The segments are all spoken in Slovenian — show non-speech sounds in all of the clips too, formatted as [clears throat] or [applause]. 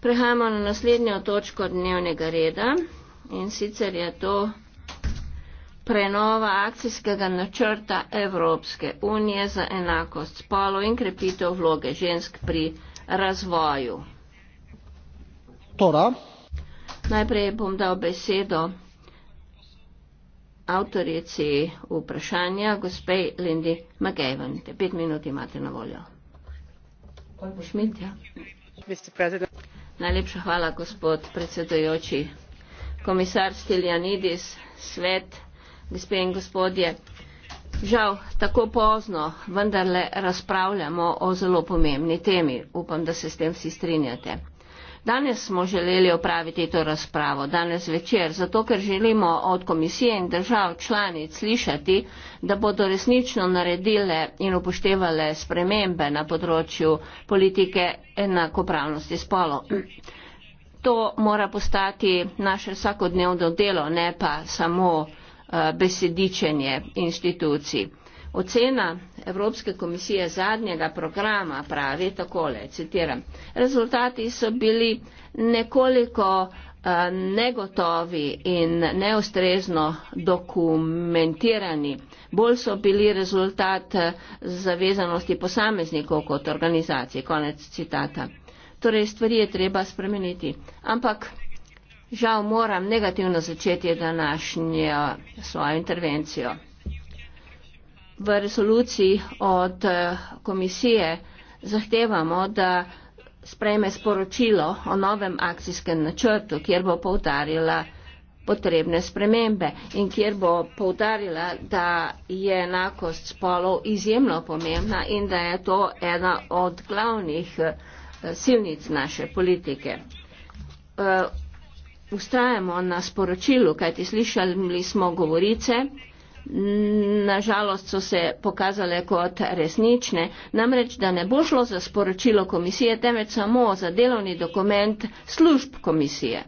prehajamo na naslednjo točko dnevnega reda in sicer je to prenova akcijskega načrta evropske unije za enakost spolov in krepitev vloge žensk pri razvoju. Tora. najprej bom dal besedo avtorici vprašanja, gospe Lindi McGavin. Te pet minut imate na voljo. Ja? Najlepša hvala, gospod predsedujoči. Komisar Stiljanidis, svet, gospe in gospodje. Žal, tako pozno vendarle razpravljamo o zelo pomembni temi. Upam, da se s tem vsi strinjate. Danes smo želeli opraviti to razpravo, danes večer, zato ker želimo od komisije in držav članic slišati, da bodo resnično naredile in upoštevale spremembe na področju politike enakopravnosti spolo. [clears throat] To mora postati naše vsakodnevno delo, ne pa samo eh, besedičenje institucij. Ocena Evropske komisije zadnjega programa pravi takole, citiram, rezultati so bili nekoliko eh, negotovi in neustrezno dokumentirani. Bolj so bili rezultat eh, zavezanosti posameznikov kot organizacij. Konec citata. Torej, stvari je treba spremeniti. Ampak, žal moram negativno začeti današnjo svojo intervencijo v resoluciji od eh, komisije zahtevamo, da sprejme sporočilo o novem akcijskem načrtu, kjer bo povdarjala potrebne spremembe in kjer bo povdarjala, da je enakost spolov izjemno pomembna in da je to ena od glavnih eh, silnic naše politike. Eh, ustrajamo na sporočilu, kajti slišali smo govorice, nažalost so se pokazale kot resnične, namreč da ne bo šlo za sporočilo komisije, temveč samo za delovni dokument služb komisije.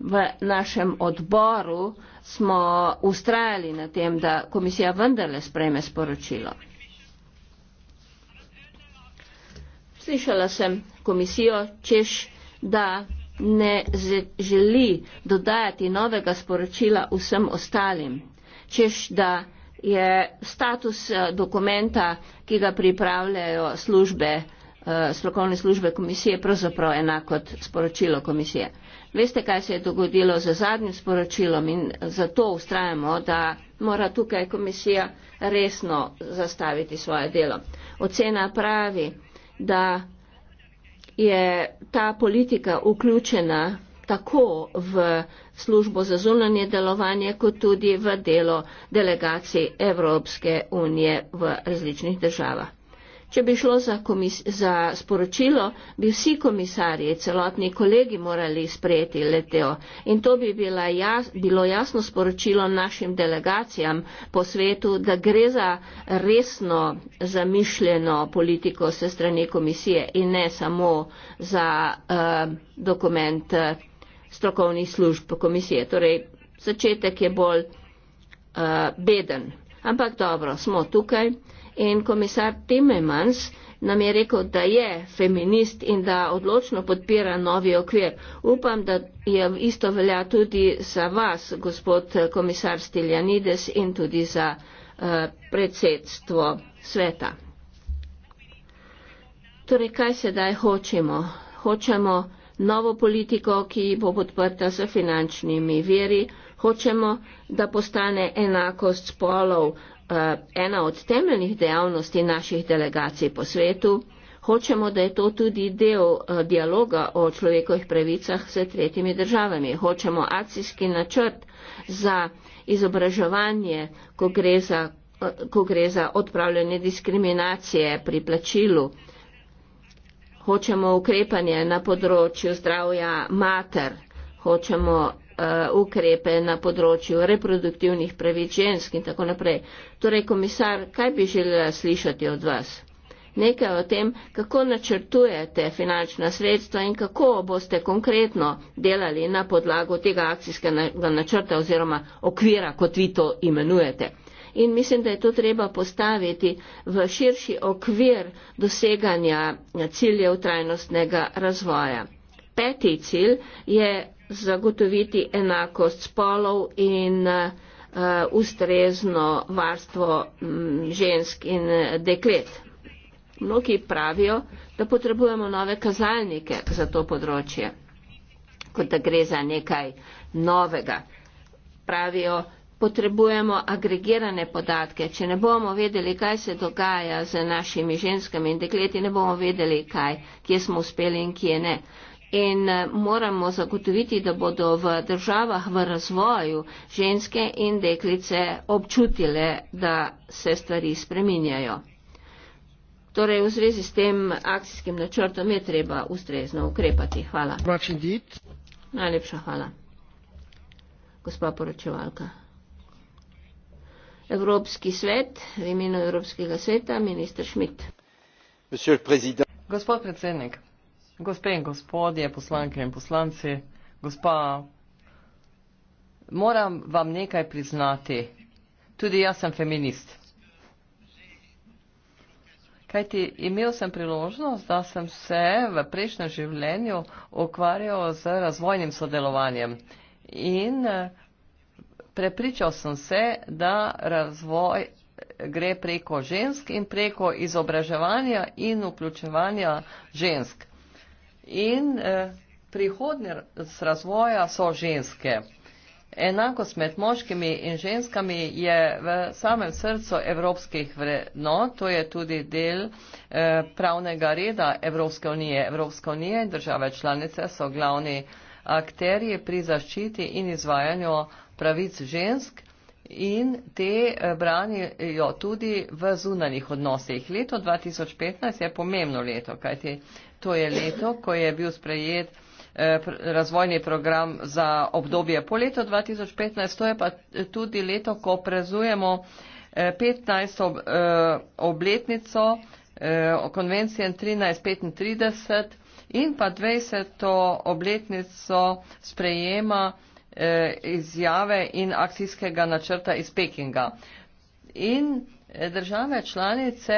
V našem odboru smo ustrajali na tem, da komisija vendarle sprejme sporočilo. Slišala sem komisijo, češ, da ne želi dodajati novega sporočila vsem ostalim češ da je status eh, dokumenta, ki ga pripravljajo službe, eh, strokovne službe komisije, pravzaprav enako kot sporočilo komisije. Veste, kaj se je dogodilo z zadnjim sporočilom in zato ustrajamo, da mora tukaj komisija resno zastaviti svoje delo. Ocena pravi, da je ta politika vključena tako v službo za zunanje delovanje, kot tudi v delo delegacij Evropske unije v različnih državah. Če bi šlo za, za sporočilo, bi vsi komisarji, celotni kolegi morali sprejeti leteo in to bi bila jas, bilo jasno sporočilo našim delegacijam po svetu, da gre za resno zamišljeno politiko se strani komisije in ne samo za uh, dokument uh, strokovnih služb komisije. Torej, začetek je bolj uh, beden. Ampak dobro, smo tukaj in komisar Timmermans nam je rekel, da je feminist in da odločno podpira novi okvir. Upam, da je isto velja tudi za vas, gospod eh, komisar Stiljanides in tudi za uh, predsedstvo sveta. Torej, kaj sedaj hočemo? Hočemo novo politiko, ki bo podprta s finančnimi veri. Hočemo, da postane enakost spolov eh, ena od temeljnih dejavnosti naših delegacij po svetu. Hočemo, da je to tudi del eh, dialoga o človekovih pravicah s tretjimi državami. Hočemo akcijski načrt za izobraževanje, ko gre za, eh, ko gre za odpravljanje diskriminacije pri plačilu hočemo ukrepanje na področju zdravja mater, hočemo uh, ukrepe na področju reproduktivnih pravic žensk in tako naprej. Torej, komisar, kaj bi želela slišati od vas? Nekaj o tem, kako načrtujete finančna sredstva in kako boste konkretno delali na podlagu tega akcijskega načrta oziroma okvira, kot vi to imenujete in mislim, da je to treba postaviti v širši okvir doseganja ciljev trajnostnega razvoja. Peti cilj je zagotoviti enakost spolov in uh, ustrezno varstvo um, žensk in uh, deklet. Mnogi pravijo, da potrebujemo nove kazalnike za to področje, kot da gre za nekaj novega. Pravijo, potrebujemo agregirane podatke. Če ne bomo vedeli, kaj se dogaja z našimi ženskami in dekleti, ne bomo vedeli, kaj, kje smo uspeli in kje ne. In eh, moramo zagotoviti, da bodo v državah v razvoju ženske in deklice občutile, da se stvari spreminjajo. Torej, v zvezi s tem akcijskim načrtom je treba ustrezno ukrepati. Hvala. Najlepša hvala. Gospa poročevalka. Evropski svet, v imenu Evropskega sveta, minister Šmit. Gospod predsednik, gospe in gospodje, poslanke in poslanci, gospa, moram vam nekaj priznati. Tudi jaz sem feminist. Kajti imel sem priložnost, da sem se v prejšnjem življenju ukvarjal z razvojnim sodelovanjem. In prepričal sem se, da razvoj gre preko žensk in preko izobraževanja in vključevanja žensk. In eh, prihodnje razvoja so ženske. Enakost med moškimi in ženskami je v samem srcu evropskih vrednot, to je tudi del eh, pravnega reda Evropske unije. Evropska unija in države članice so glavni akterji pri zaščiti in izvajanju pravic žensk in te eh, branijo tudi v zunanih odnosih. Leto 2015 je pomembno leto, kajti to je leto, ko je bil sprejet eh, razvojni program za obdobje po leto 2015, to je pa eh, tudi leto, ko prezujemo 15. obletnico konvencije 1335 in pa 20. obletnico sprejema Eh, izjave in akcijskega načrta iz Pekinga. In eh, države članice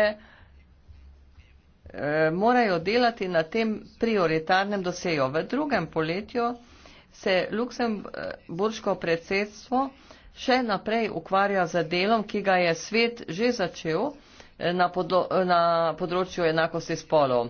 eh, morajo delati na tem prioritarnem dosejo. V drugem poletju se Luksemburško predsedstvo še naprej ukvarja z delom, ki ga je svet že začel na, podlo, na področju enakosti spolov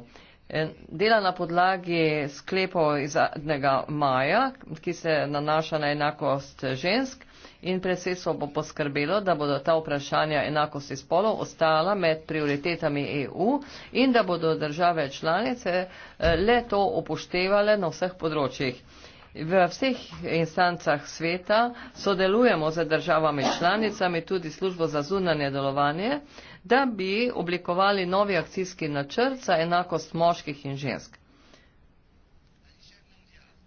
dela na podlagi sklepov iz zadnjega maja, ki se nanaša na enakost žensk in predsedstvo bo poskrbelo, da bodo ta vprašanja enakosti spolov ostala med prioritetami EU in da bodo države članice eh, le to upoštevale na vseh področjih. V vseh instancah sveta sodelujemo z državami članicami, tudi službo za zunanje delovanje da bi oblikovali novi akcijski načrt za enakost moških in žensk.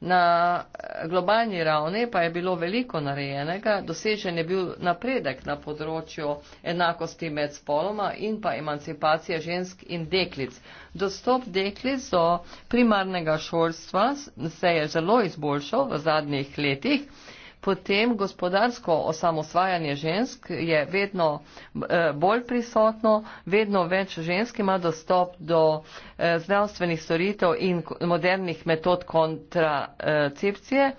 Na globalni ravni pa je bilo veliko narejenega, dosežen je bil napredek na področju enakosti med spoloma in pa emancipacije žensk in deklic. Dostop deklic do primarnega šolstva se je zelo izboljšal v zadnjih letih. Uh, potem gospodarsko osamosvajanje žensk je vedno eh, bolj prisotno, vedno več žensk ima dostop do eh, zdravstvenih storitev in modernih metod kontracepcije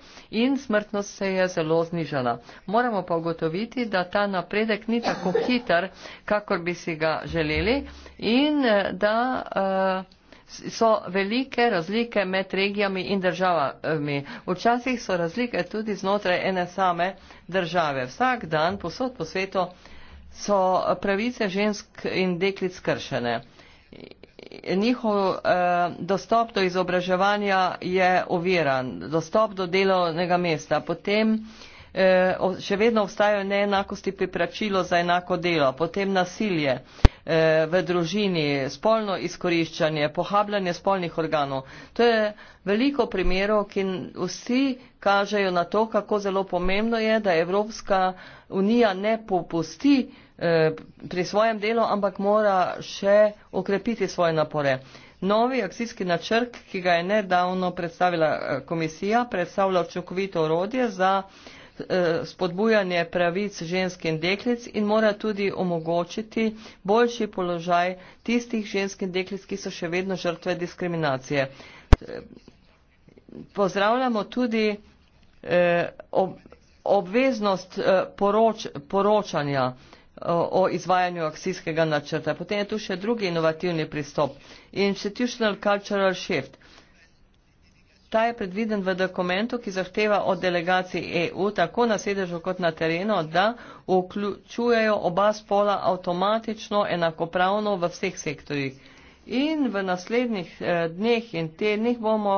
in smrtnost se je zelo znižala. Moramo pa ugotoviti, da ta napredek ni tako hiter, kakor bi si ga želeli in eh, da so velike razlike med regijami in državami. Včasih so razlike tudi znotraj ene same države. Vsak dan posod po svetu so pravice žensk in deklic kršene. Njihov eh, dostop do izobraževanja je oviran, dostop do delovnega mesta. Potem eh, Eh, še vedno obstajajo neenakosti pri plačilu za enako delo, potem nasilje eh, v družini, spolno izkoriščanje, pohabljanje spolnih organov. To je veliko primerov, ki vsi kažejo na to, kako zelo pomembno je, da Evropska unija ne popusti eh, pri svojem delu, ampak mora še okrepiti svoje napore. Novi akcijski načrt, ki ga je nedavno predstavila komisija, predstavlja očukovito orodje za Eh, spodbujanje pravic žensk in deklic in mora tudi omogočiti boljši položaj tistih žensk in deklic, ki so še vedno žrtve diskriminacije. Eh, pozdravljamo tudi eh, obveznost poroč, poročanja o izvajanju akcijskega načrta. Potem je tu še drugi inovativni pristop. Institutional cultural shift. Ta je predviden v dokumentu, ki zahteva od delegacij EU tako na sedežu kot na terenu, da vključujejo oba spola avtomatično enakopravno v vseh sektorjih. In v naslednjih eh, dneh in tednih bomo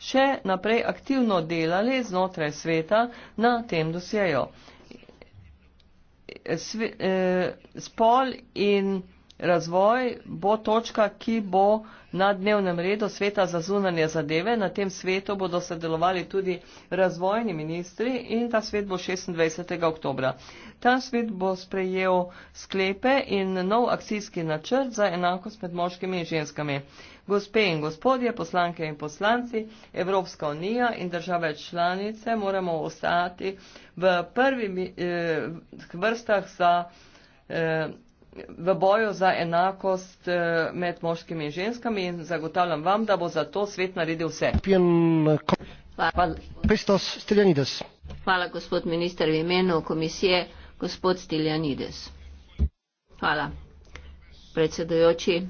še naprej aktivno delali znotraj sveta na tem dosjeju. Eh, spol in razvoj bo točka, ki bo na dnevnem redu sveta za zunanje zadeve. Na tem svetu bodo sodelovali tudi razvojni ministri in ta svet bo 26. oktober. Ta svet bo sprejel sklepe in nov akcijski načrt za enakost med moškimi in ženskami. Gospe in gospodje, poslanke in poslanci, Evropska unija in države članice moramo ostati v prvih eh, vrstah za. Eh, v boju za enakost eh, med moškimi in ženskami in zagotavljam vam, da bo za to svet naredil vse. Hvala, Hvala gospod minister v imenu komisije, gospod Stiljanides. Hvala, predsedujoči,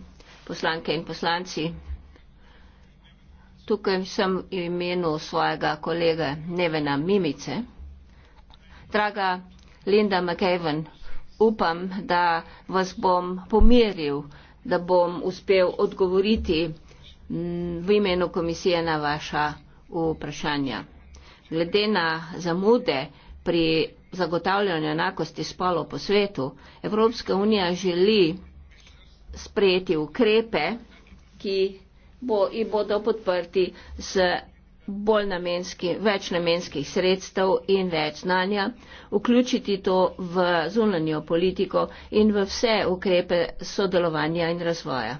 poslanke in poslanci. Tukaj sem v imenu svojega kolega Nevena Mimice. Draga Linda McEwen, upam, da vas bom pomiril, da bom uspel odgovoriti mm, v imenu komisije na vaša vprašanja. Glede na zamude pri zagotavljanju enakosti spolov po svetu, Evropska unija želi sprejeti ukrepe, ki bo, bodo podprti z bolj namenski, več namenskih sredstev in več znanja, vključiti to v zunanjo politiko in v vse ukrepe sodelovanja in razvoja.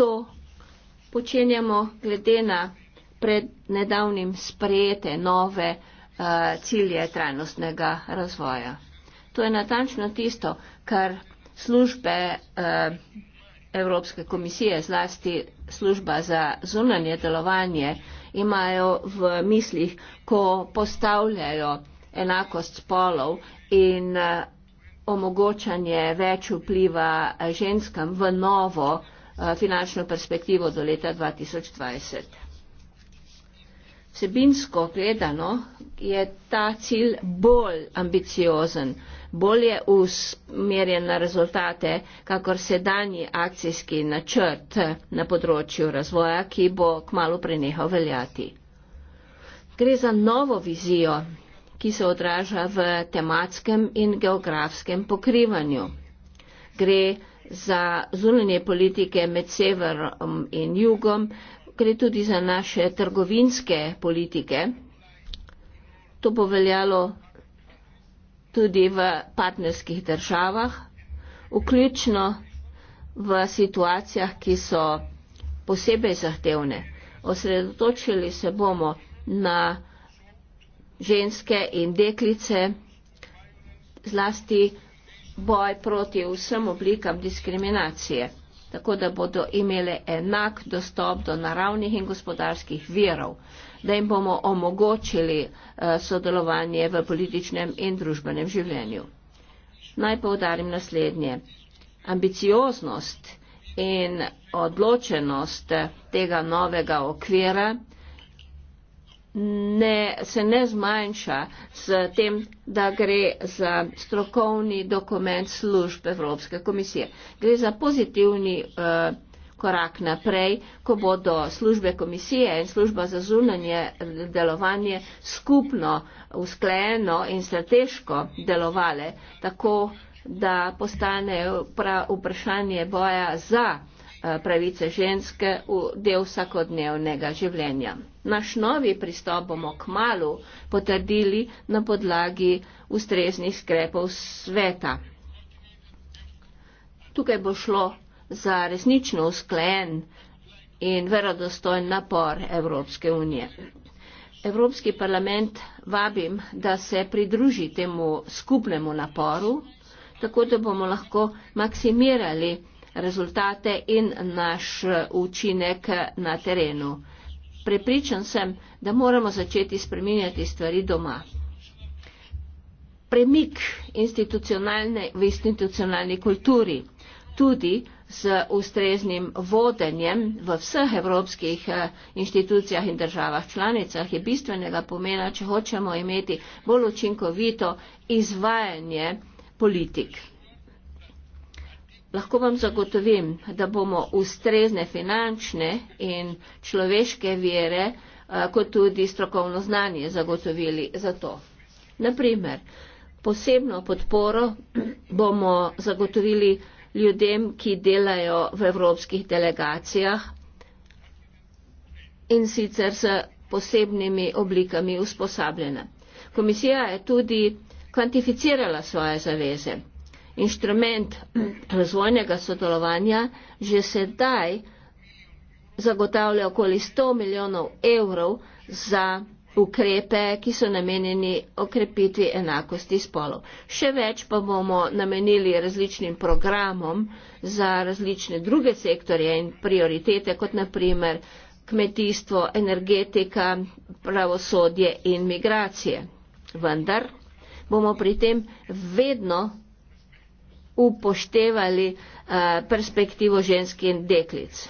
To počenjamo glede na pred nedavnim sprejete nove uh, cilje trajnostnega razvoja. To je natančno tisto, kar službe uh, Evropske komisije, zlasti služba za zunanje delovanje, imajo v mislih, ko postavljajo enakost spolov in eh, omogočanje več vpliva eh, ženskam v novo eh, finančno perspektivo do leta 2020. Vsebinsko gledano je ta cilj bolj ambiciozen bolje usmerjen na rezultate, kakor sedanji akcijski načrt na področju razvoja, ki bo kmalo prenehal veljati. Gre za novo vizijo, ki se odraža v tematskem in geografskem pokrivanju. Gre za zunanje politike med severom in jugom, gre tudi za naše trgovinske politike. To bo veljalo tudi v partnerskih državah, vključno v situacijah, ki so posebej zahtevne. Osredotočili se bomo na ženske in deklice, zlasti boj proti vsem oblikam diskriminacije, tako da bodo imele enak dostop do naravnih in gospodarskih virov da jim bomo omogočili eh, sodelovanje v političnem in družbenem življenju. Naj povdarim naslednje. Ambicioznost in odločenost eh, tega novega okvira ne, se ne zmanjša s tem, da gre za strokovni dokument službe Evropske komisije. Gre za pozitivni uh, korak naprej, ko bodo službe komisije in služba za zunanje delovanje skupno, usklejeno in strateško delovale, tako da postane vprašanje boja za eh, pravice ženske v del vsakodnevnega življenja. Naš novi pristop bomo k malu potrdili na podlagi ustreznih skrepov sveta. Tukaj bo šlo za resnično usklajen in verodostojen napor Evropske unije. Evropski parlament vabim, da se pridruži temu skupnemu naporu, tako da bomo lahko maksimirali rezultate in naš učinek na terenu. Prepričan sem, da moramo začeti spreminjati stvari doma. Premik institucionalne, v institucionalni kulturi, tudi z ustreznim vodenjem v vseh evropskih eh, inštitucijah in državah članicah je bistvenega pomena, če hočemo imeti bolj učinkovito izvajanje politik. Lahko vam zagotovim, da bomo ustrezne finančne in človeške vere eh, kot tudi strokovno znanje zagotovili za to. Naprimer, posebno podporo bomo zagotovili ljudem, ki delajo v evropskih delegacijah in sicer s posebnimi oblikami usposabljena. Komisija je tudi kvantificirala svoje zaveze. Inštrument razvojnega sodelovanja že sedaj zagotavlja okoli 100 milijonov evrov za ukrepe, ki so namenjeni okrepiti enakosti spolov. Še več pa bomo namenili različnim programom za različne druge sektorje in prioritete, kot naprimer kmetijstvo, energetika, pravosodje in migracije. Vendar bomo pri tem vedno upoštevali uh, perspektivo ženskih in deklic.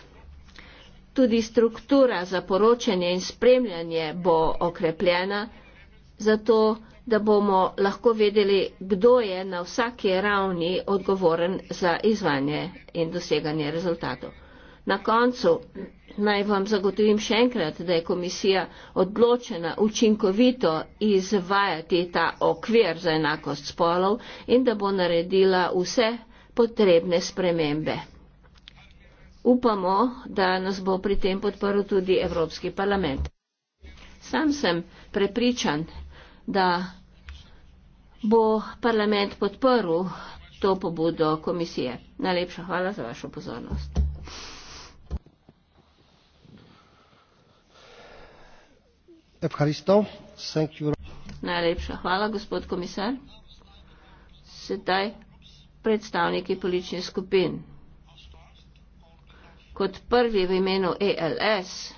Tudi struktura za poročanje in spremljanje bo okrepljena, zato da bomo lahko vedeli, kdo je na vsaki ravni odgovoren za izvanje in doseganje rezultatov. Na koncu naj vam zagotovim še enkrat, da je komisija odločena učinkovito izvajati ta okvir za enakost spolov in da bo naredila vse potrebne spremembe. Upamo, da nas bo pri tem podporil tudi Evropski parlament. Sam sem prepričan, da bo parlament podporil to pobudo komisije. Najlepša hvala za vašo pozornost. Najlepša hvala, gospod komisar. Sedaj predstavniki političnih skupin kot prvi v imenu ALS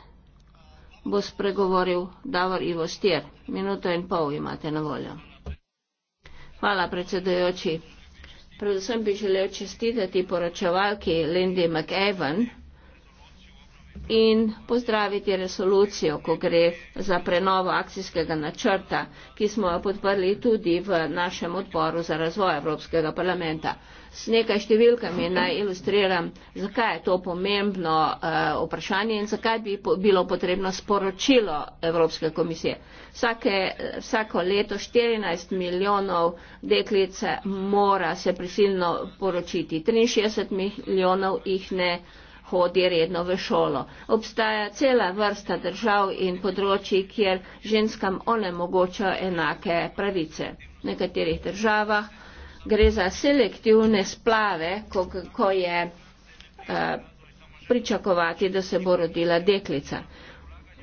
bo spregovoril Davor Ivo Stier. Minuto in pol imate na voljo. Hvala, predsedujoči. Predvsem bi želel čestitati poročevalki Lindy McEwan in pozdraviti resolucijo, ko gre za prenovo akcijskega načrta, ki smo jo podprli tudi v našem odboru za razvoj Evropskega parlamenta s nekaj številkami naj ilustriram, zakaj je to pomembno uh, vprašanje in zakaj bi po, bilo potrebno sporočilo Evropske komisije. Vsake, vsako leto 14 milijonov deklice mora se prisilno poročiti, 63 milijonov jih ne hodi redno v šolo. Obstaja cela vrsta držav in področji, kjer ženskam onemogočajo enake pravice. V nekaterih državah gre za selektivne splave, ko, ko je a, eh, pričakovati, da se bo rodila deklica.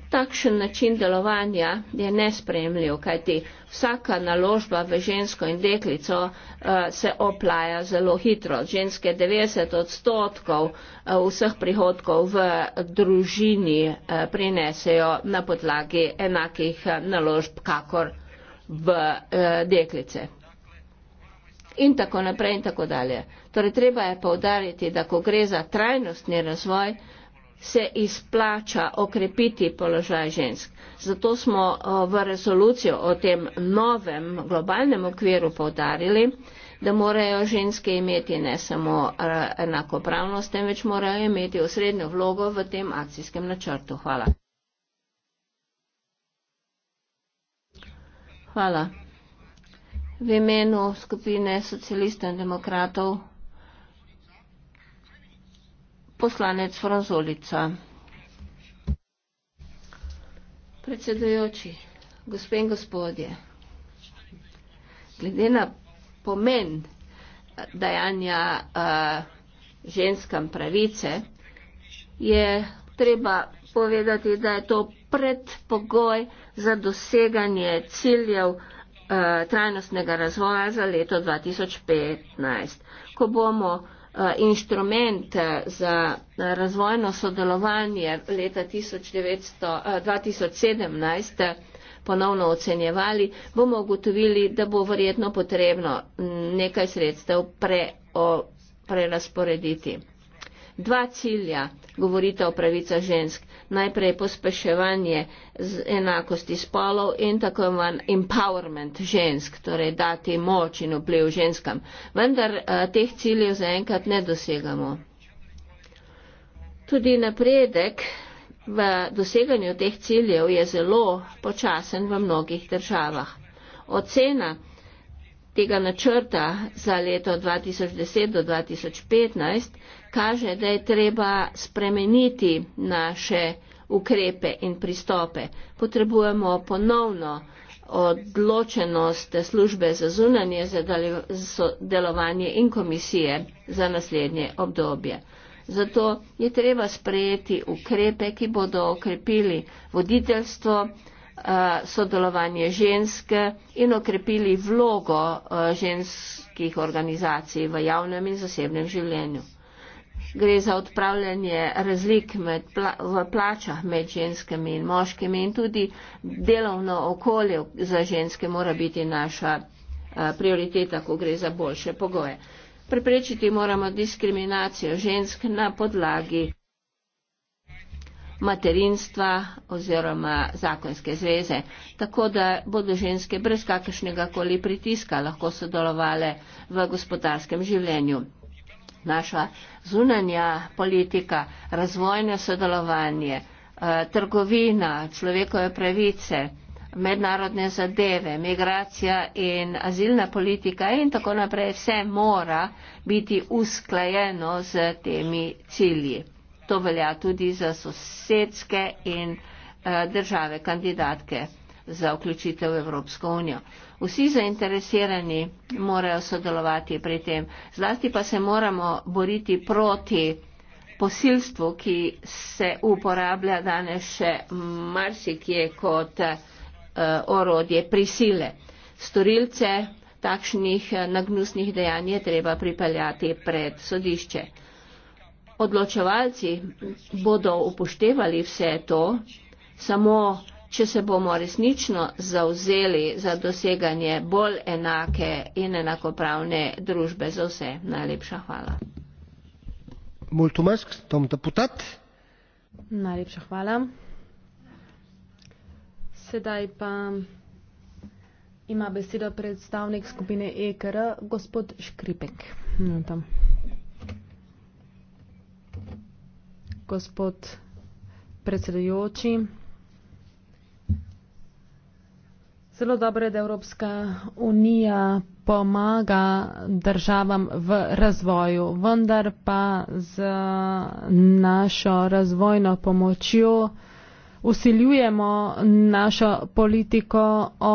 Takšen način delovanja je nespremljiv, kajti vsaka naložba v žensko in deklico uh, se oplaja zelo hitro. Ženske 90 odstotkov uh, vseh prihodkov v družini uh, prinesejo na podlagi enakih uh, naložb, kakor v uh, deklice in tako naprej in tako dalje. Torej, treba je povdariti, da ko gre za trajnostni razvoj, se izplača okrepiti položaj žensk. Zato smo v resolucijo o tem novem globalnem okviru povdarili, da morajo ženske imeti ne samo enakopravnost, temveč morajo imeti osrednjo vlogo v tem akcijskem načrtu. Hvala. Hvala v imenu skupine socialistov in demokratov poslanec Franzolica. Predsedujoči, gospe in gospodje, glede na pomen dajanja uh, ženskam pravice, je treba povedati, da je to predpogoj za doseganje ciljev uh, Eh, trajnostnega razvoja za leto 2015. Ko bomo eh, inštrument eh, za razvojno sodelovanje leta 1900, 2017 ponovno ocenjevali, bomo ugotovili, da bo verjetno potrebno mm, nekaj sredstev pre, o, prerasporediti dva cilja govorita o pravica žensk. Najprej pospeševanje z enakosti spolov in tako imenovan empowerment žensk, torej dati moč in vpliv ženskam. Vendar eh, teh ciljev zaenkrat ne dosegamo. Tudi napredek v doseganju teh ciljev je zelo počasen v mnogih državah. Ocena, tega načrta za leto 2010 do 2015 kaže, da je treba spremeniti naše ukrepe in pristope. Potrebujemo ponovno odločenost službe za zunanje, za delovanje in komisije za naslednje obdobje. Zato je treba sprejeti ukrepe, ki bodo okrepili voditeljstvo, Eh, sodelovanje ženske in okrepili vlogo eh, ženskih organizacij v javnem in zasebnem življenju. Gre za odpravljanje razlik med, v plačah med ženskami in moškimi in tudi delovno okolje za ženske mora biti naša eh, prioriteta, ko gre za boljše pogoje. Preprečiti moramo diskriminacijo žensk na podlagi materinstva oziroma zakonske zveze. Tako da bodo ženske brez kakršnega koli pritiska lahko sodelovale v gospodarskem življenju. Naša zunanja politika, razvojno sodelovanje, eh, trgovina, človekove pravice, mednarodne zadeve, migracija in azilna politika in tako naprej, vse mora biti usklajeno z temi cilji. To velja tudi za sosedske in eh, države kandidatke za vključitev v Evropsko unijo. Vsi zainteresirani morajo sodelovati pri tem. Zlasti pa se moramo boriti proti posilstvu, ki se uporablja danes še marsikje kot eh, orodje prisile. Storilce takšnih eh, nagnusnih dejanj je treba pripeljati pred sodišče odločevalci bodo upoštevali vse to, samo če se bomo resnično zauzeli za doseganje bolj enake in enakopravne družbe za vse. Najlepša hvala. Multumesk, tom deputat. Najlepša hvala. Sedaj pa ima besedo predstavnik skupine EKR, gospod Škripek. Hmm, gospod predsedujoči. Zelo dobro je, da Evropska unija pomaga državam v razvoju, vendar pa z našo razvojno pomočjo usiljujemo našo politiko o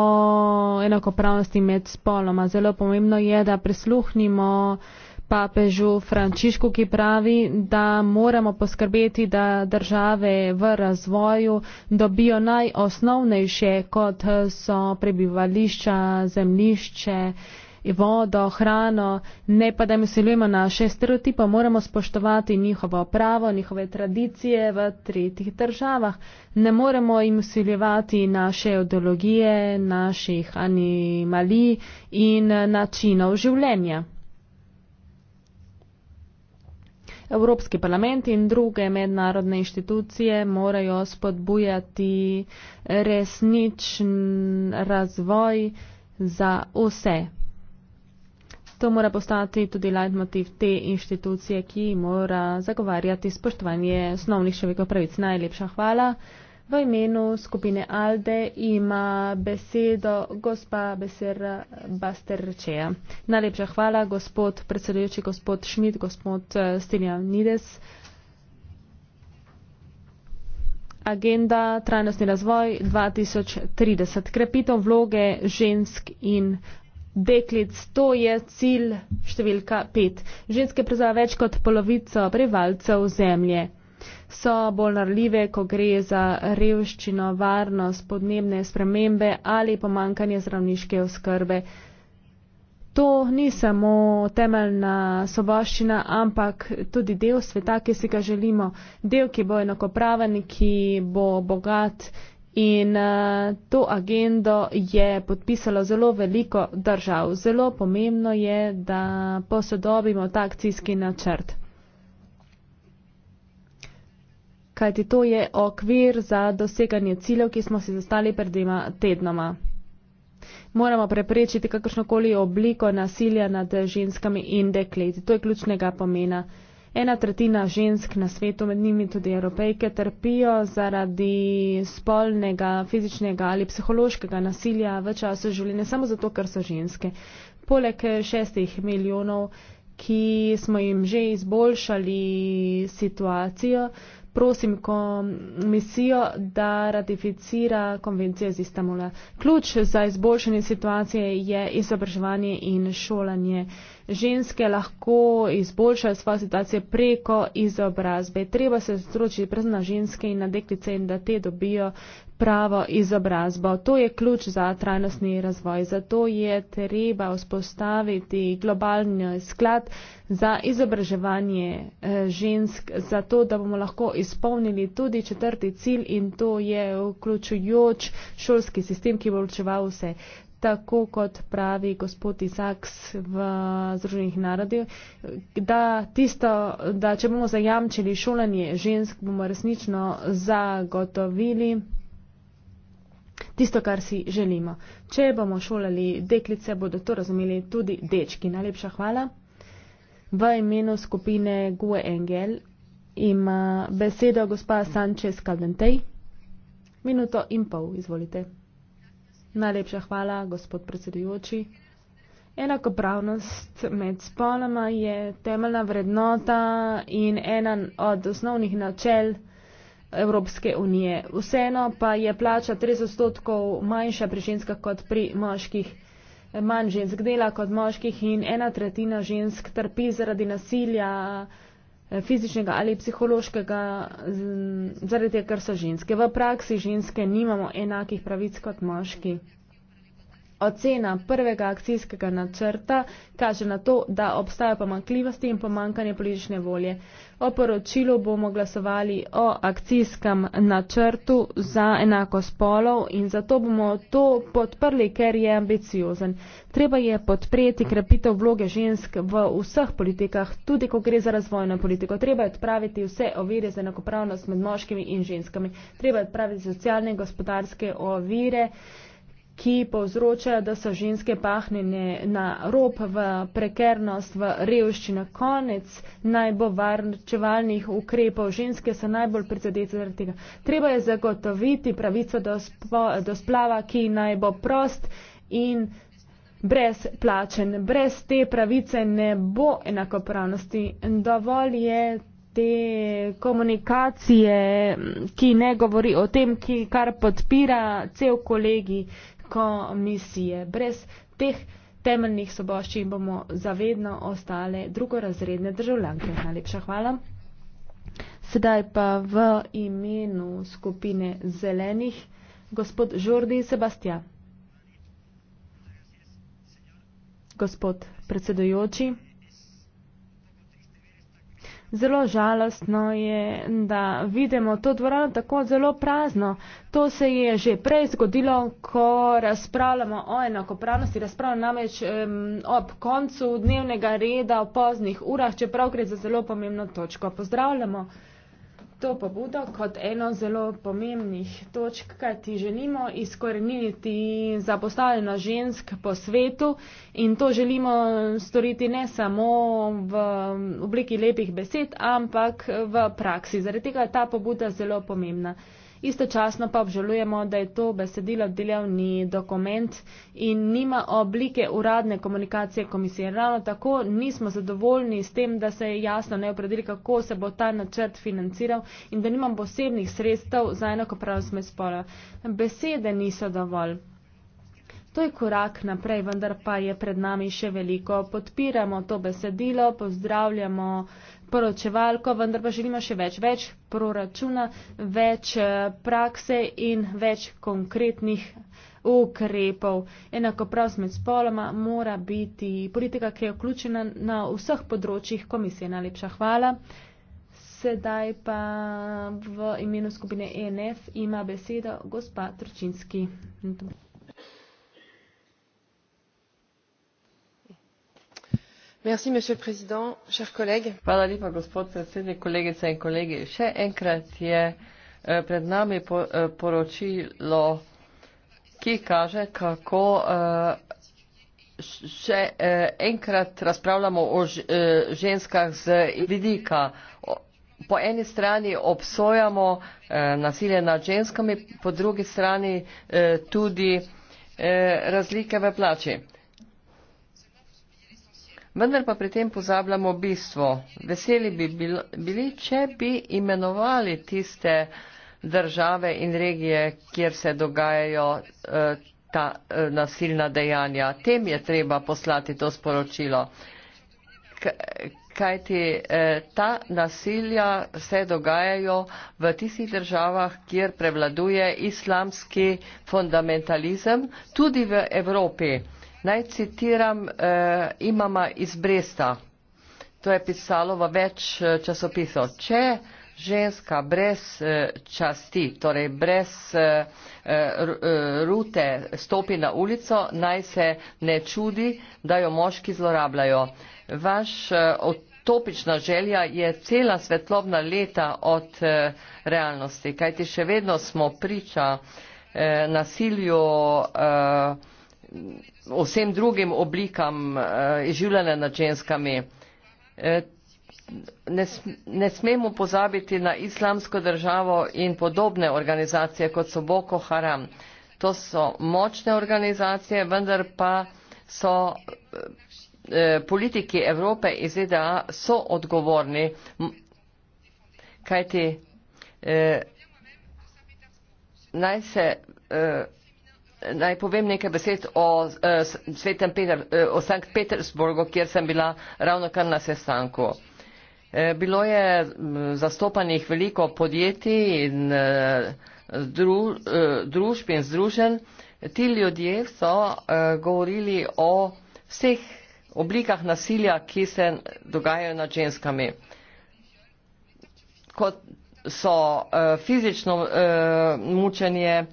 enakopravnosti med spoloma. Zelo pomembno je, da prisluhnimo papežu Frančišku, ki pravi, da moramo poskrbeti, da države v razvoju dobijo najosnovnejše, kot so prebivališča, zemlišče, vodo, hrano, ne pa da jim usiljujemo naše stereotipe, moramo spoštovati njihovo pravo, njihove tradicije v tretjih državah. Ne moremo jim usiljevati naše ideologije, naših animali in načinov življenja. Evropski parlament in druge mednarodne inštitucije morajo spodbujati resničen razvoj za vse. To mora postati tudi leitmotiv te inštitucije, ki mora zagovarjati spoštovanje osnovnih človekov pravic. Najlepša hvala. V imenu skupine Alde ima besedo gospa Besera Basterčeja. Najlepša hvala, gospod predsedujoči, gospod Šmit, gospod eh, Stiljan Nides. Agenda trajnostni razvoj 2030. Krepitev vloge žensk in. Deklic, to je cilj številka 5. Ženske prezajo več kot polovico prevalcev zemlje so bolj narljive, ko gre za revščino, varnost, podnebne spremembe ali pomankanje zdravniške oskrbe. To ni samo temeljna soboščina, ampak tudi del sveta, ki si ga želimo. Del, ki bo enakopraven, ki bo bogat. In uh, to agendo je podpisalo zelo veliko držav. Zelo pomembno je, da posodobimo ta akcijski načrt. kajti to je okvir za doseganje ciljev, ki smo si zastali pred dvema tednoma. Moramo preprečiti kakršnokoli obliko nasilja nad ženskami in dekleti. To je ključnega pomena. Ena tretjina žensk na svetu, med njimi tudi evropejke, trpijo zaradi spolnega, fizičnega ali psihološkega nasilja v času življenja, samo zato, ker so ženske. Poleg šestih milijonov, ki smo jim že izboljšali situacijo, prosim komisijo, da ratificira konvencijo z Istanbula. Ključ za izboljšanje situacije je izobraževanje in šolanje ženske lahko izboljšajo svoje situacije preko izobrazbe. Treba se stročiti prez na ženske in na deklice in da te dobijo pravo izobrazbo. To je ključ za trajnostni razvoj. Zato je treba vzpostaviti globalni sklad za izobraževanje eh, žensk, zato da bomo lahko izpolnili tudi četrti cilj in to je vključujoč šolski sistem, ki bo vključeval vse tako, kot pravi gospod Izaks v Združenih narodih, da, tisto, da če bomo zajamčili šolanje žensk, bomo resnično zagotovili tisto, kar si želimo. Če bomo šolali deklice, bodo to razumeli tudi dečki. Najlepša hvala. V imenu skupine Gue Engel ima besedo gospa Sanchez Caldentej. Minuto in pol, izvolite. Najlepša hvala, gospod predsedujoči. Enakopravnost med spoloma je temeljna vrednota in ena od osnovnih načel Evropske unije. Vseeno pa je plača 30 odstotkov manjša pri ženskah kot pri moških. Manj žensk dela kot moških in ena tretjina žensk trpi zaradi nasilja. Eh, fizičnega ali psihološkega, zaradi tega, ker so ženske. V praksi ženske nimamo enakih pravic kot moški. Ocena prvega akcijskega načrta kaže na to, da obstajajo pomankljivosti in pomankanje politične volje. O poročilu bomo glasovali o akcijskem načrtu za enako spolov in zato bomo to podprli, ker je ambiciozen. Treba je podpreti krepitev vloge žensk v vseh politikah, tudi ko gre za razvojno politiko. Treba je odpraviti vse ovire za enakopravnost med moškimi in ženskami. Treba je odpraviti socialne in gospodarske ovire ki povzročajo, da so ženske pahnjene na rob, v prekernost, v revščino. Konec naj bo varčevalnih ukrepov. Ženske so najbolj prizadete zaradi tega. Treba je zagotoviti pravico do, spo, do splava, ki naj bo prost in brez plačen. Brez te pravice ne bo enakopravnosti. Dovolj je te komunikacije, ki ne govori o tem, ki kar podpira cel kolegi komisije. Brez teh temeljnih soboščin bomo zavedno ostale drugorazredne državljanke. Najlepša hvala. Sedaj pa v imenu skupine zelenih gospod Žordi Sebastian. Gospod predsedujoči. Zelo žalostno je, da vidimo to dvorano tako zelo prazno. To se je že prej zgodilo, ko razpravljamo o enakopravnosti, razpravljamo namreč um, ob koncu dnevnega reda v poznih urah, čeprav gre za zelo pomembno točko. Pozdravljamo to pobudo kot eno zelo pomembnih točk, kaj ti želimo izkoreniti zapostavljeno žensk po svetu in to želimo storiti ne samo v obliki lepih besed, ampak v praksi. Zaradi tega je ta pobuda zelo pomembna istočasno pa obžalujemo, da je to besedilo delavni dokument in nima oblike uradne komunikacije komisije. Ravno tako nismo zadovoljni s tem, da se je jasno ne opredeli, kako se bo ta načrt financiral in da nimam posebnih sredstev za enakopravnost med spola. Besede niso dovolj. To je korak naprej, vendar pa je pred nami še veliko. Podpiramo to besedilo, pozdravljamo poročevalko, vendar pa želimo še več, več proračuna, več eh, prakse in več konkretnih ukrepov. Enakopravst med spoloma mora biti politika, ki je vključena na vseh področjih komisije. Najlepša hvala. Sedaj pa v imenu skupine ENF ima besedo gospa Tročinski. monsieur le président chers collègues hvala lepa gospod predsednik kolegice in kolegi še enkrat je eh, pred nami eh, poročilo ki kaže kako eh, še enkrat razpravljamo o ženskah z vidika po eni strani obsojamo nasilje nad ženskami po drugi strani tudi razlike v plači vendar pa pri tem pozabljamo bistvo. Veseli bi bili, če bi imenovali tiste države in regije, kjer se dogajajo eh, ta eh, nasilna dejanja. Tem je treba poslati to sporočilo. Kaj ti eh, ta nasilja se dogajajo v tistih državah, kjer prevladuje islamski fundamentalizem, tudi v Evropi. Naj citiram eh, imama iz Bresta. To je pisalo v več eh, časopisov. Če ženska brez eh, časti, torej brez eh, rute, stopi na ulico, naj se ne čudi, da jo moški zlorabljajo. Vaš utopična želja je cela svetlobna leta od realnosti, kajti še vedno smo priča nasilju. Eh, vsem drugim oblikam eh, življenja nad ženskami. Eh, ne, ne smemo pozabiti na islamsko državo in podobne organizacije, kot so Boko Haram. To so močne organizacije, vendar pa so eh, eh politiki Evrope in ZDA so odgovorni, kajti eh, naj se. Eh, naj povem nekaj besed o, eh, Peter, eh, o Sankt Petersburgu, kjer sem bila ravno kar na sestanku. Eh, bilo je zastopanih veliko podjetij in eh, dru, eh, družb in združen. Ti ljudje so eh, govorili o vseh oblikah nasilja, ki se dogajajo nad ženskami. Kot so eh, fizično eh, mučenje,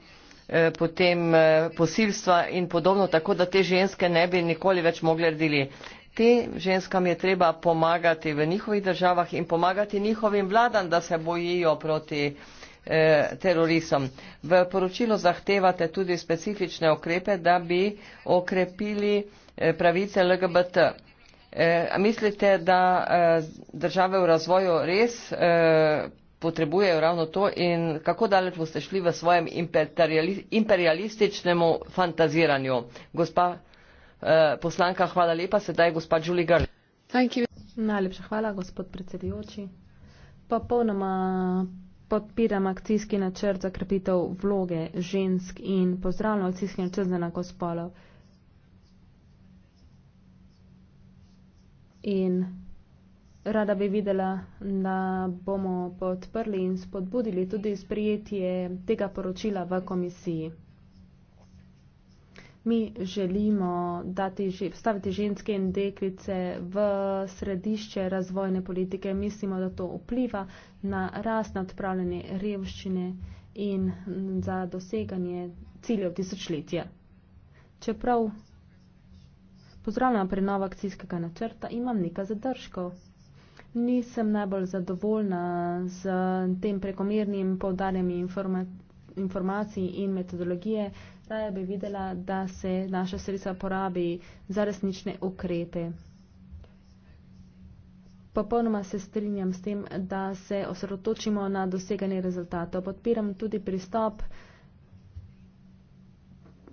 Eh, potem eh, posilstva in podobno, tako da te ženske ne bi nikoli več mogli redili. Te ženskam je treba pomagati v njihovih državah in pomagati njihovim vladam, da se bojijo proti eh, terorizem. V poročilu zahtevate tudi specifične okrepe, da bi okrepili pravice LGBT. Mislite, da države v razvoju res potrebujejo ravno to in kako daleč boste šli v svojem imperialističnemu fantaziranju. Gospa eh, poslanka, hvala lepa, sedaj gospa Julie Garl. Najlepša hvala, gospod predsedujoči. Popolnoma podpiram akcijski načrt za krepitev vloge žensk in pozdravljam akcijski načrt za enakost spolov. In Rada bi videla, da bomo podprli in spodbudili tudi sprijetje tega poročila v komisiji. Mi želimo dati, staviti ženske in deklice v središče razvojne politike. Mislimo, da to vpliva na rast, na odpravljanje revščine in za doseganje ciljev tisočletja. Čeprav pozdravljam prenova akcijskega načrta, imam nekaj zadržkov nisem najbolj zadovoljna z tem prekomernim povdarjem informa informacij in metodologije, raje bi videla, da se naša sredstva porabi za resnične ukrepe. Popolnoma se strinjam s tem, da se osredotočimo na doseganje rezultatov. Podpiram tudi pristop,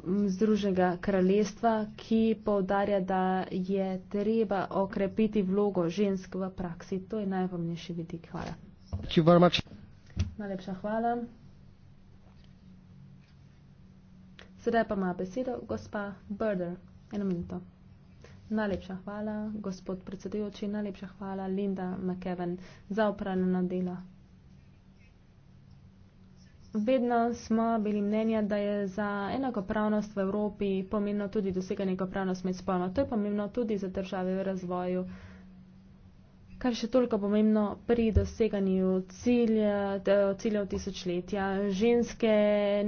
Združenega kraljestva, ki povdarja, da je treba okrepiti vlogo žensk v praksi. To je najpomnejši vidik. Hvala. Najlepša hvala. Sedaj pa ima besedo gospa Burder. Eno minuto. Najlepša hvala, gospod predsedujoči, najlepša hvala, Linda McKeven, za upravljeno delo. Vedno smo bili mnenja, da je za enakopravnost v Evropi pomembno tudi doseganje enakopravnosti med spoloma. To je pomembno tudi za države v razvoju. Kar še toliko pomembno pri doseganju ciljev cilje tisočletja. Ženske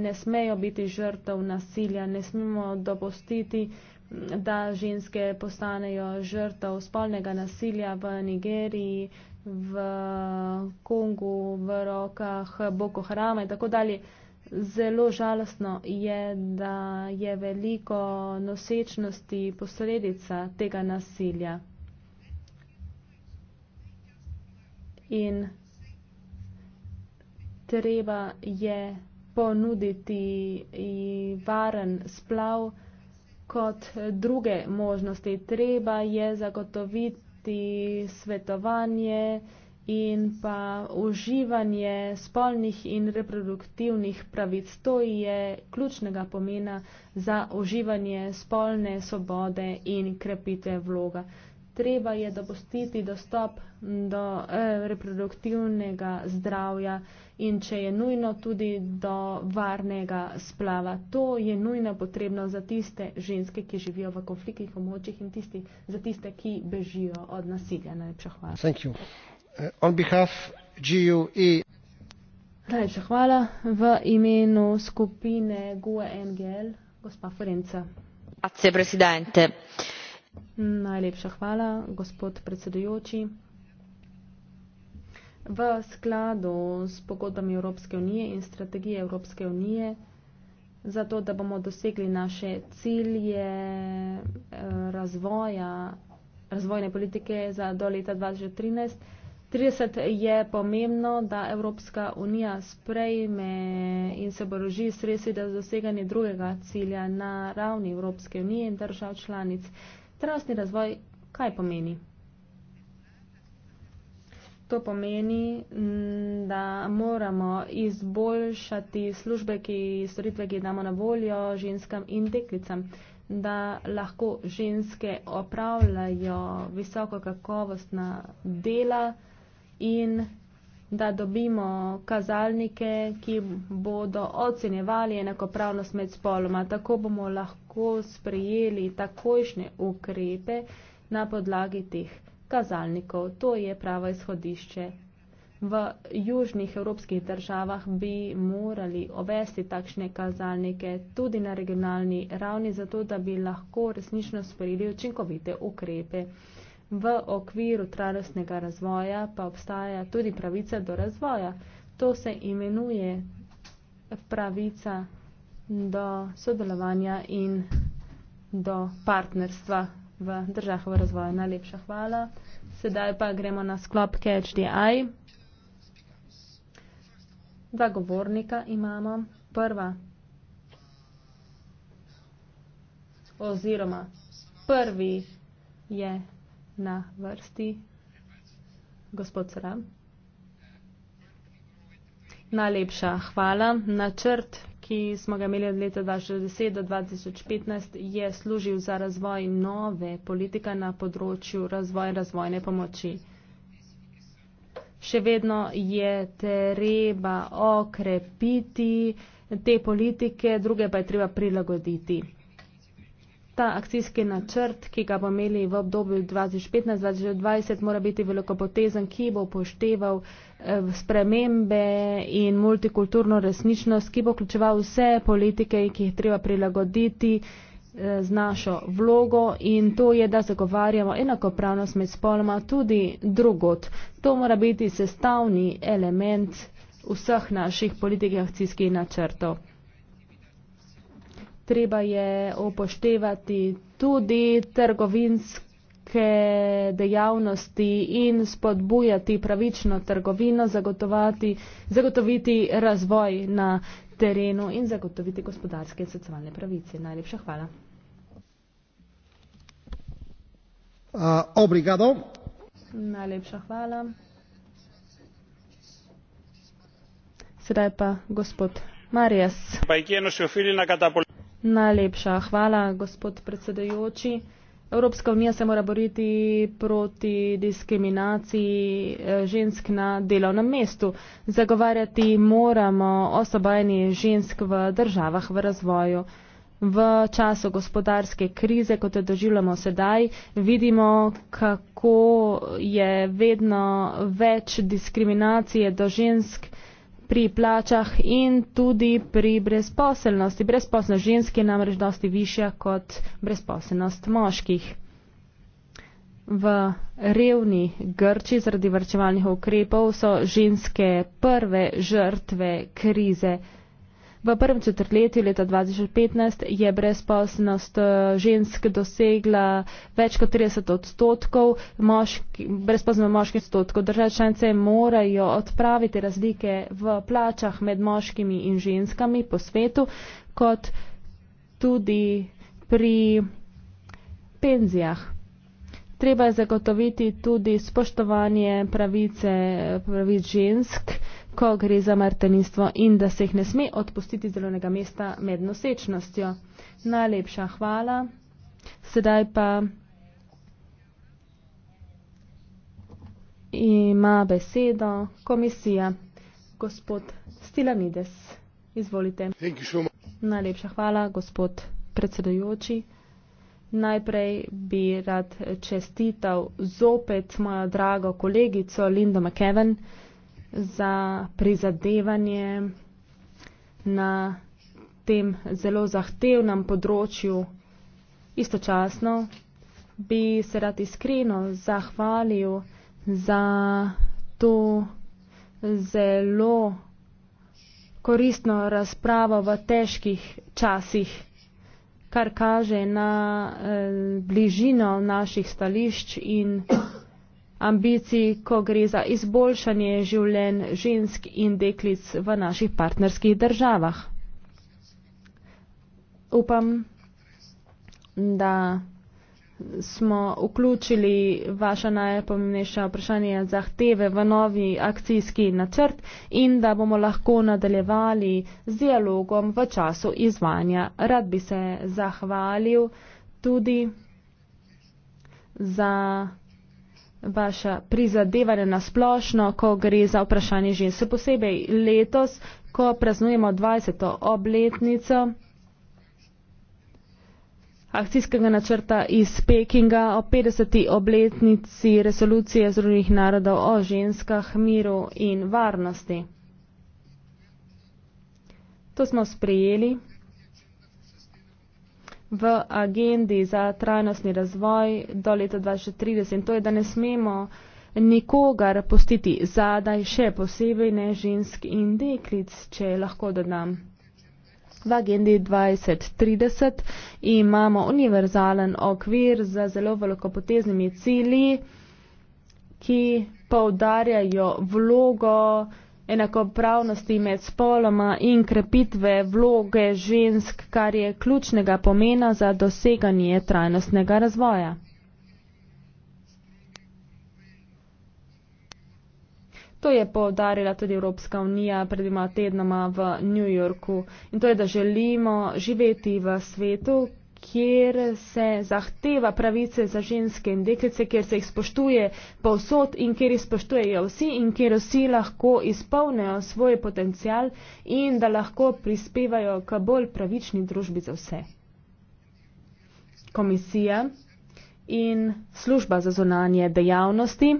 ne smejo biti žrtev nasilja, ne smemo dopustiti, da ženske postanejo žrtev spolnega nasilja v Nigeriji, v Kongu, v rokah Boko Harama in tako dalje. Zelo žalostno je, da je veliko nosečnosti posledica tega nasilja. In treba je ponuditi varen splav kot druge možnosti. Treba je zagotoviti ti svetovanje in pa uživanje spolnih in reproduktivnih pravic. To je ključnega pomena za uživanje spolne svobode in krepite vloga. Treba je dopustiti dostop do eh, reproduktivnega zdravja in če je nujno tudi do varnega splava. To je nujno potrebno za tiste ženske, ki živijo v konfliktnih območjih in tisti, za tiste, ki bežijo od nasilja. Najlepša hvala. Uh, e. Najlepša hvala v imenu skupine GUE NGL, gospa Ferenca. Najlepša hvala, gospod predsedujoči v skladu s pogodbami Evropske unije in strategije Evropske unije, zato da bomo dosegli naše cilje eh, razvoja, razvojne politike za do leta 2013. 30 je pomembno, da Evropska unija sprejme in se boroži sredstvi za doseganje drugega cilja na ravni Evropske unije in držav članic. Trenostni razvoj, kaj pomeni? To pomeni, mm, da moramo izboljšati službe, ki, storitve, ki damo na voljo ženskam in deklicam, da lahko ženske opravljajo visoko kakovostna dela in da dobimo kazalnike, ki bodo ocenjevali enakopravnost med spoloma. Tako bomo lahko sprejeli takojšnje ukrepe na podlagi teh kazalnikov. To je pravo izhodišče. V južnih evropskih državah bi morali ovesti takšne kazalnike tudi na regionalni ravni, zato da bi lahko resnično sprejeli učinkovite ukrepe. V okviru trajnostnega razvoja pa obstaja tudi pravica do razvoja. To se imenuje pravica do sodelovanja in do partnerstva v državah v razvoju. Najlepša hvala. Sedaj pa gremo na sklop KHDI. Dva govornika imamo. Prva. Oziroma prvi je na vrsti gospod Sram. Najlepša hvala. Načrt ki smo ga imeli od leta 2010 do 2015, je služil za razvoj nove politike na področju razvoja razvojne pomoči. Še vedno je treba okrepiti te politike, druge pa je treba prilagoditi. Ta akcijski načrt, ki ga bo imeli v obdobju 2015-2020, mora biti velikopotezen, ki bo pošteval eh, spremembe in multikulturno resničnost, ki bo vključeval vse politike, ki jih treba prilagoditi eh, z našo vlogo in to je, da zagovarjamo enakopravnost med spoloma tudi drugot. To mora biti sestavni element vseh naših politik in akcijskih načrtov treba je upoštevati tudi trgovinske dejavnosti in spodbujati pravično trgovino, zagotoviti razvoj na terenu in zagotoviti gospodarske in socialne pravice. Najlepša hvala. Uh, obrigado. Najlepša hvala. Sedaj pa gospod Marijas. Pa je kjeno šofilina katapulta. Najlepša hvala, gospod predsedajoči. Evropska unija se mora boriti proti diskriminaciji eh, žensk na delovnem mestu. Zagovarjati moramo osebajni žensk v državah v razvoju. V času gospodarske krize, kot jo doživljamo sedaj, vidimo, kako je vedno več diskriminacije do žensk pri plačah in tudi pri brezposelnosti. Brezposelnost ženske je namreč dosti višja kot brezposelnost moških. V revni Grči zaradi vrčevalnih ukrepov so ženske prve žrtve krize. V prvem četrtletju leta 2015 je brezposobnost eh, žensk dosegla več kot 30 odstotkov, moški, brezposobnost moških odstotkov. Države članice morajo odpraviti razlike v plačah med moškimi in ženskami po svetu, kot tudi pri penzijah. Treba je zagotoviti tudi spoštovanje pravice, pravic žensk ko gre za martelinstvo in da se jih ne sme odpustiti z delovnega mesta med nosečnostjo. Najlepša hvala. Sedaj pa ima besedo komisija. Gospod Stilanides, izvolite. Najlepša hvala, gospod predsedujoči. Najprej bi rad čestital zopet mojo drago kolegico Lindo McKeven, za prizadevanje na tem zelo zahtevnem področju. Istočasno bi se rad iskreno zahvalil za to zelo koristno razpravo v težkih časih, kar kaže na eh, bližino naših stališč in ambicij, ko gre za izboljšanje življenj žensk in deklic v naših partnerskih državah. Upam, da smo vključili vaša najpomembnejša vprašanja in zahteve v novi akcijski načrt in da bomo lahko nadaljevali z dialogom v času izvanja. Rad bi se zahvalil tudi za vaša prizadevanja na splošno, ko gre za vprašanje žensk. Se posebej letos, ko praznujemo 20. obletnico akcijskega načrta iz Pekinga o 50. obletnici resolucije Združenih narodov o ženskah, miru in varnosti. To smo sprejeli v agendi za trajnostni razvoj do leta 2030 in to je, da ne smemo nikogar postiti zadaj, še posebej ne žensk in deklic, če lahko dodam. V agendi 2030 imamo univerzalen okvir z zelo velikopoteznimi cilji, ki poudarjajo vlogo enakopravnosti med spoloma in krepitve vloge žensk, kar je ključnega pomena za doseganje trajnostnega razvoja. To je povdarila tudi Evropska unija pred dvima tednoma v New Yorku in to je, da želimo živeti v svetu, kjer se zahteva pravice za ženske in deklice, kjer se jih spoštuje povsod in kjer jih spoštujejo vsi in kjer vsi lahko izpolnejo svoj potencial in da lahko prispevajo k bolj pravični družbi za vse. Komisija in služba za zonanje dejavnosti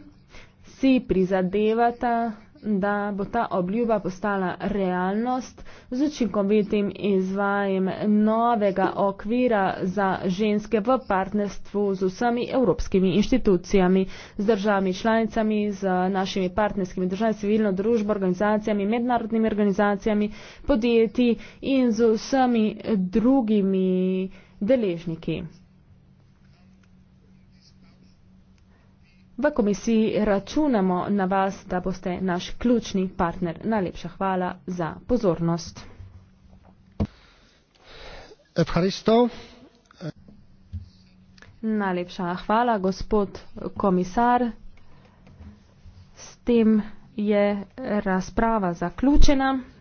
si prizadevata da bo ta obljuba postala realnost z učinkovitim izvajem novega okvira za ženske v partnerstvu z vsemi evropskimi inštitucijami, z državami članicami, z našimi partnerskimi državami, civilno družbo, organizacijami, mednarodnimi organizacijami, podjetji in z vsemi drugimi deležniki. V komisiji računamo na vas, da boste naš ključni partner. Najlepša hvala za pozornost. Evharisto. Najlepša hvala, gospod komisar. S tem je razprava zaključena.